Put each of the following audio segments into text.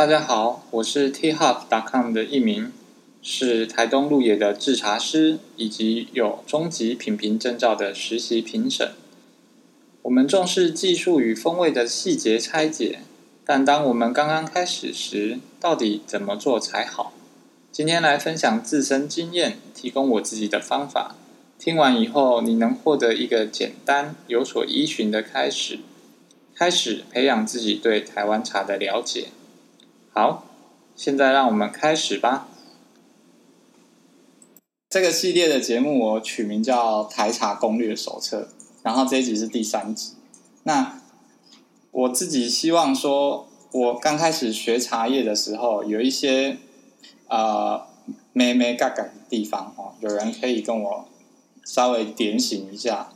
大家好，我是 Teahof.com 的一名，是台東鹿野的製茶師，以及有中級品評證照的實習評審。我們重視技術與風味的細節拆解，但當我們剛剛開始時，到底怎麼做才好？今天來分享自身經驗，提供我自己的方法。聽完以後，你能獲得一個簡單、有所依循的開始，開始培養自己對台灣茶的了解。好，現在讓我們開始吧。這個系列的節目我取名叫《台茶攻略手冊》，然後這一集是第三集。那我自己希望說，我剛開始學茶葉的時候，有一些呃眉眉角角的地方哦，有人可以跟我稍微點醒一下，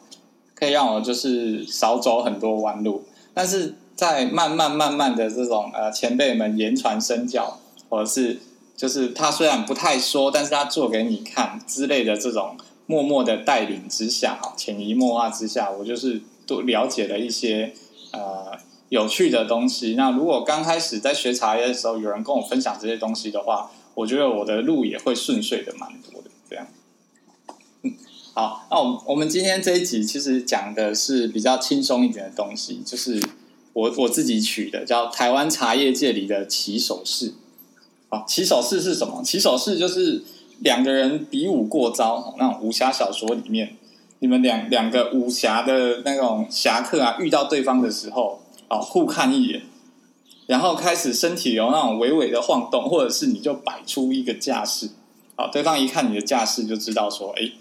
可以讓我就是少走很多彎路。但是在慢慢慢慢的這種呃，前輩們言傳身教，或者是就是他雖然不太說，但是他做給你看之類的這種默默的帶領之下，哈，潛移默化之下，我就是多了解了一些呃有趣的東西。那如果剛開始在學茶葉的時候，有人跟我分享這些東西的話，我覺得我的路也會順遂的蠻多的。這樣，好，那我我們今天這一集其實講的是比較輕鬆一點的東西，就是。我我自己取的叫台灣茶葉界裡的起手式，好、啊，起手式是什麼？起手式就是兩個人比武過招，哦、那種武俠小說裡面，你們兩兩個武俠的那種俠客啊，遇到對方的時候，啊、哦，互看一眼，然後開始身體有那種微微的晃動，或者是你就擺出一個架勢，啊、哦、對方一看你的架勢就知道說，哎、欸，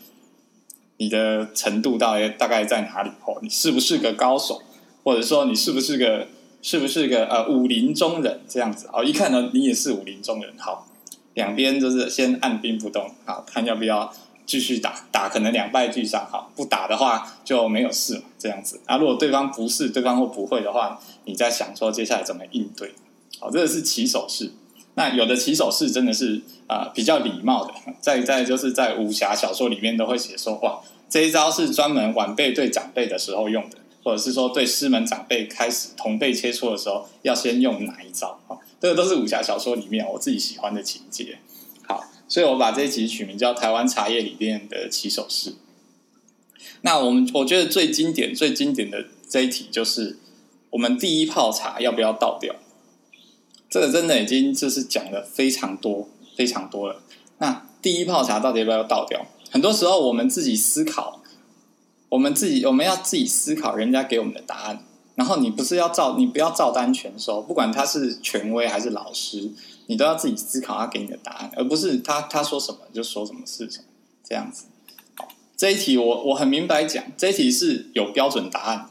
你的程度到底大概在哪裡？哦，你是不是個高手？或者說你是不是個是不是個呃武林中人這樣子哦？一看到你也是武林中人，好，兩邊就是先按兵不動，好，看要不要繼續打？打可能兩敗俱傷，好，不打的話就沒有事嘛，這樣子。啊，如果對方不是對方或不會的話，你再想說接下來怎麼應對？好，這個是起手式。那有的起手式真的是啊、呃、比較禮貌的，在在就是在武俠小說裡面都會寫說，哇，這一招是專門晚輩對長輩的時候用的。或者是說對師門長輩開始同輩切磋的時候，要先用哪一招啊？這個都是武俠小說裡面我自己喜歡的情節。好，所以我把這一集取名叫《台灣茶葉裡面的起手式》。那我們我覺得最經典、最經典的這一題就是，我們第一泡茶要不要倒掉？這個真的已經就是講了非常多、非常多了。那第一泡茶到底要不要倒掉？很多時候我們自己思考。我們自己，我們要自己思考人家給我們的答案。然後你不是要照，你不要照單全收。不管他是權威還是老師，你都要自己思考他給你的答案，而不是他他說什麼就說什麼事情這樣子。這一題我我很明白講，這一題是有標準答案。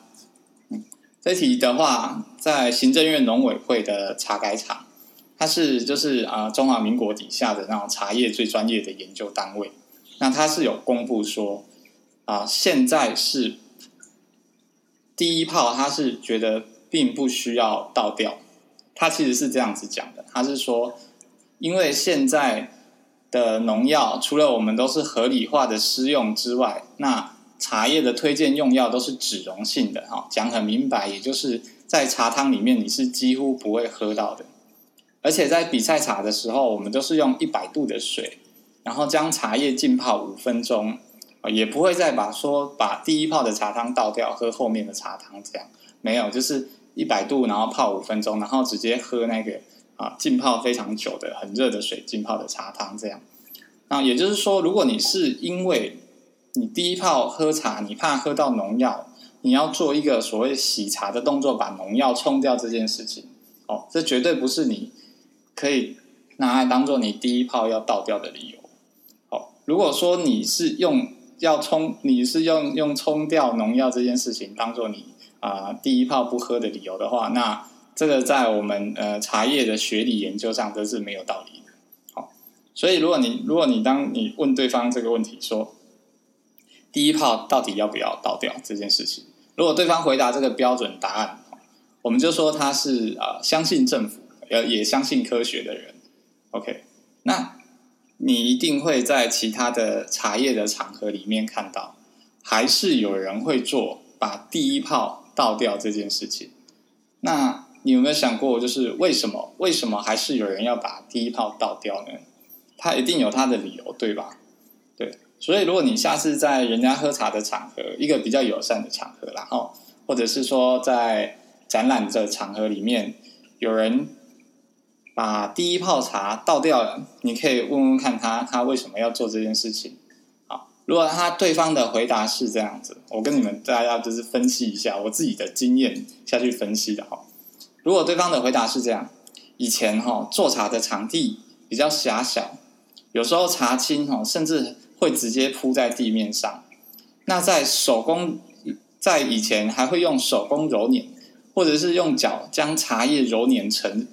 這一題的話，在行政院農委會的茶改場，它是就是啊、呃、中華民國底下的那種茶葉最專業的研究單位。那它是有公布說。啊，現在是第一泡，他是覺得並不需要倒掉，他其實是這樣子講的，他是說，因為現在的農藥除了我們都是合理化的施用之外，那茶葉的推薦用藥都是脂溶性的哈，講很明白，也就是在茶湯裡面你是幾乎不會喝到的，而且在比賽茶的時候，我們都是用一百度的水，然後將茶葉浸泡五分鐘。也不會再把說把第一泡的茶湯倒掉，喝後面的茶湯這樣沒有，就是一百度，然後泡五分鐘，然後直接喝那個啊，浸泡非常久的很熱的水浸泡的茶湯這樣。那也就是說，如果你是因為你第一泡喝茶，你怕喝到農藥，你要做一個所謂洗茶的動作，把農藥沖掉這件事情，哦，這絕對不是你可以拿來當做你第一泡要倒掉的理由。哦，如果說你是用要沖，你是用用沖掉農藥這件事情當做你啊、呃、第一泡不喝的理由的話，那這個在我們呃茶葉的學理研究上都是沒有道理的。好、哦，所以如果你如果你當你問對方這個問題說第一泡到底要不要倒掉這件事情，如果對方回答這個標準答案、哦、我們就說他是啊、呃、相信政府要也，也相信科學的人。OK，那。你一定會在其他的茶葉的場合裡面看到，還是有人會做把第一泡倒掉這件事情。那你有沒有想過，就是為什麼？為什麼還是有人要把第一泡倒掉呢？他一定有他的理由，對吧？對，所以如果你下次在人家喝茶的場合，一個比較友善的場合，然後，或者是說在展覽的場合裡面，有人。把第一泡茶倒掉了。你可以問問看他，他為什麼要做這件事情？好，如果他對方的回答是這樣子，我跟你們大家就是分析一下我自己的經驗下去分析的哈。如果對方的回答是這樣，以前哈做茶的場地比較狹小，有時候茶青哈甚至會直接鋪在地面上。那在手工在以前還會用手工揉捻，或者是用腳將茶葉揉捻成。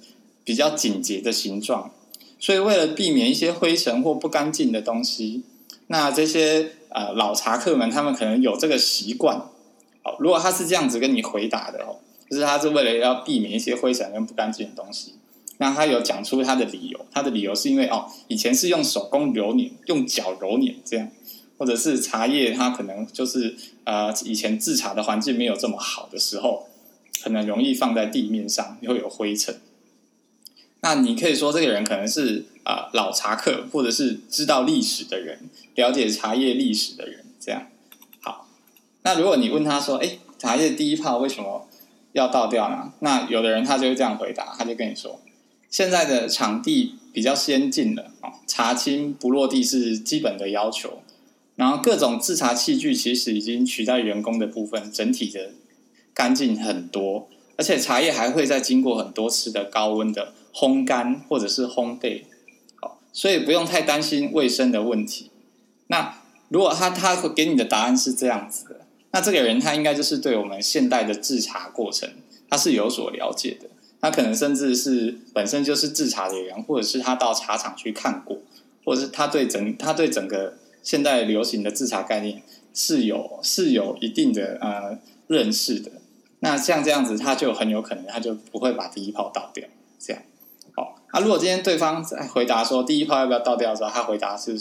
比較緊結的形狀，所以為了避免一些灰塵或不乾淨的東西，那這些呃老茶客們，他們可能有這個習慣。哦，如果他是這樣子跟你回答的哦，就是他是為了要避免一些灰塵跟不乾淨的東西，那他有講出他的理由。他的理由是因為哦，以前是用手工揉捻，用腳揉捻這樣，或者是茶葉它可能就是呃以前製茶的環境沒有這麼好的時候，可能容易放在地面上，會有灰塵。那你可以說，這個人可能是啊、呃、老茶客，或者是知道歷史的人，了解茶葉歷史的人，這樣。好。那如果你問他說：“哎、欸，茶葉第一泡為什麼要倒掉呢？”那有的人他就會這樣回答，他就跟你說：“現在的場地比較先進了哦，茶青不落地是基本的要求，然後各種製茶器具其實已經取代人工的部分，整體的乾淨很多，而且茶葉還會再經過很多次的高溫的。”烘乾或者是烘焙，好，所以不用太擔心衛生的問題。那如果他他給你的答案是這樣子的，那這個人他應該就是對我們現代的制茶過程他是有所了解的。他可能甚至是本身就是製茶的人，或者是他到茶廠去看過，或者是他對整他對整個現代流行的制茶概念是有是有一定的呃認識的。那像這樣子，他就很有可能他就不會把第一泡倒掉，這樣。啊，如果今天對方在回答說第一泡要不要倒掉的時候，他回答是：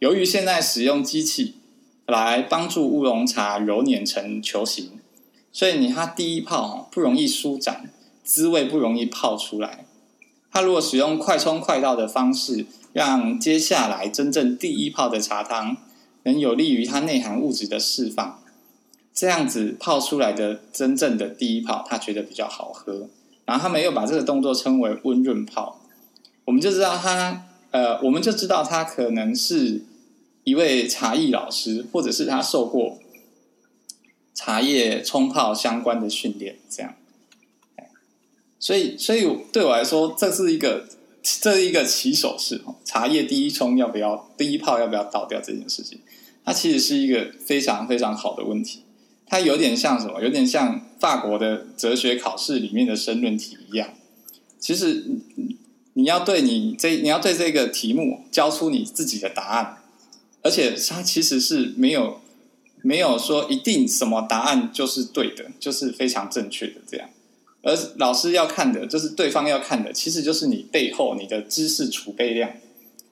由於現在使用機器來幫助烏龍茶揉捻成球形，所以你它第一泡不容易舒展，滋味不容易泡出來。他如果使用快沖快倒的方式，讓接下來真正第一泡的茶湯能有利於它內含物質的釋放，這樣子泡出來的真正的第一泡，他覺得比較好喝。然後他沒有把這個動作稱為溫潤泡。我們就知道他，呃，我們就知道他可能是一位茶藝老師，或者是他受過茶葉沖泡相關的訓練。這樣，所以，所以對我來說，這是一個，這是一個起手式。茶葉第一沖要不要，第一泡要不要倒掉這件事情，它其實是一個非常非常好的問題。它有點像什麼？有點像法國的哲學考試裡面的申論題一樣。其實。你要對你這你要對這個題目交出你自己的答案，而且它其實是沒有沒有說一定什麼答案就是對的，就是非常正確的這樣。而老師要看的，就是對方要看的，其實就是你背後你的知識儲備量，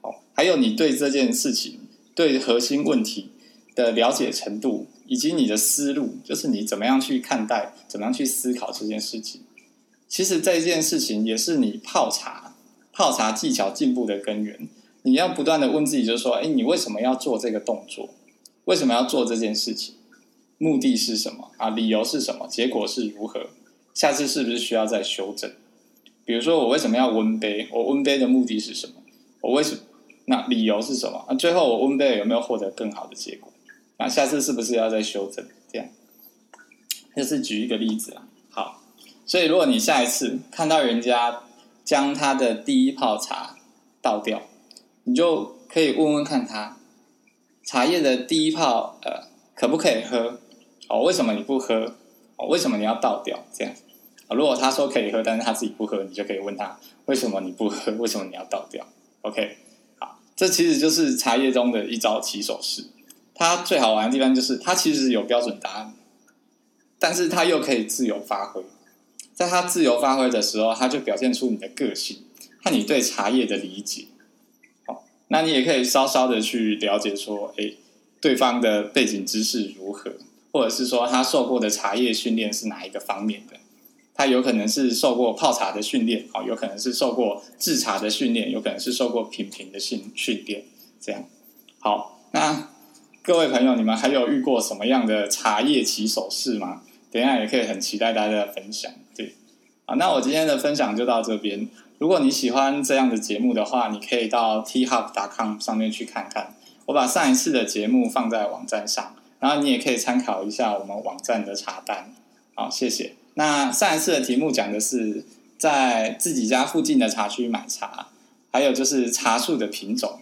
哦，還有你對這件事情對核心問題的了解程度，以及你的思路，就是你怎麼樣去看待，怎麼樣去思考這件事情。其實這件事情也是你泡茶泡茶技巧進步的根源，你要不斷的問自己，就是說，哎、欸，你為什麼要做這個動作？為什麼要做這件事情？目的是什麼？啊，理由是什麼？結果是如何？下次是不是需要再修正？比如說，我為什麼要溫杯？我溫杯的目的是什麼？我為什麼？那理由是什麼？那、啊、最後我溫杯有沒有獲得更好的結果？那、啊、下次是不是要再修正？這樣，這、就是舉一個例子啊。好，所以如果你下一次看到人家，將他的第一泡茶倒掉，你就可以問問看他，茶葉的第一泡呃可不可以喝？哦，為什麼你不喝？哦，為什麼你要倒掉？這樣，如果他說可以喝，但是他自己不喝，你就可以問他為什麼你不喝？為什麼你要倒掉？OK，好，這其實就是茶葉中的一招起手式。它最好玩的地方就是它其實有標準答案，但是它又可以自由發揮。在他自由發揮的時候，他就表現出你的個性和你對茶葉的理解。好，那你也可以稍稍的去了解說，哎、欸，對方的背景知識如何，或者是說他受過的茶葉訓練是哪一個方面的？他有可能是受過泡茶的訓練，哦，有可能是受過制茶的訓練，有可能是受過品評的訓訓練。這樣，好，那各位朋友，你們還有遇過什麼樣的茶葉起手式嗎？等一下也可以很期待大家的分享。那我今天的分享就到這邊。如果你喜歡這樣的節目的話，你可以到 teahof.com 上面去看看。我把上一次的節目放在網站上，然後你也可以參考一下我們網站的茶單。好，謝謝。那上一次的題目講的是在自己家附近的茶區買茶，還有就是茶樹的品種，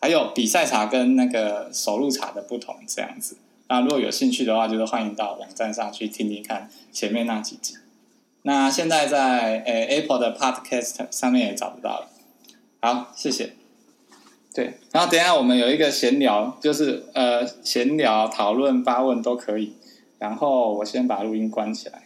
還有比賽茶跟那個手路茶的不同，這樣子。那如果有興趣的話，就是歡迎到網站上去聽聽看前面那幾集。那現在在呃、欸、Apple 的 Podcast 上面也找不到了。好，謝謝。對，然後等一下我們有一個閒聊，就是呃閒聊、討論、發問都可以。然後我先把錄音關起來。